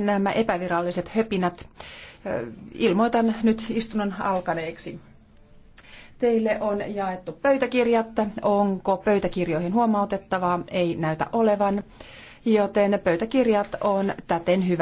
nämä epäviralliset höpinät. Ilmoitan nyt istunnon alkaneeksi. Teille on jaettu pöytäkirjat. Onko pöytäkirjoihin huomautettavaa? Ei näytä olevan, joten pöytäkirjat on täten hyväksytty.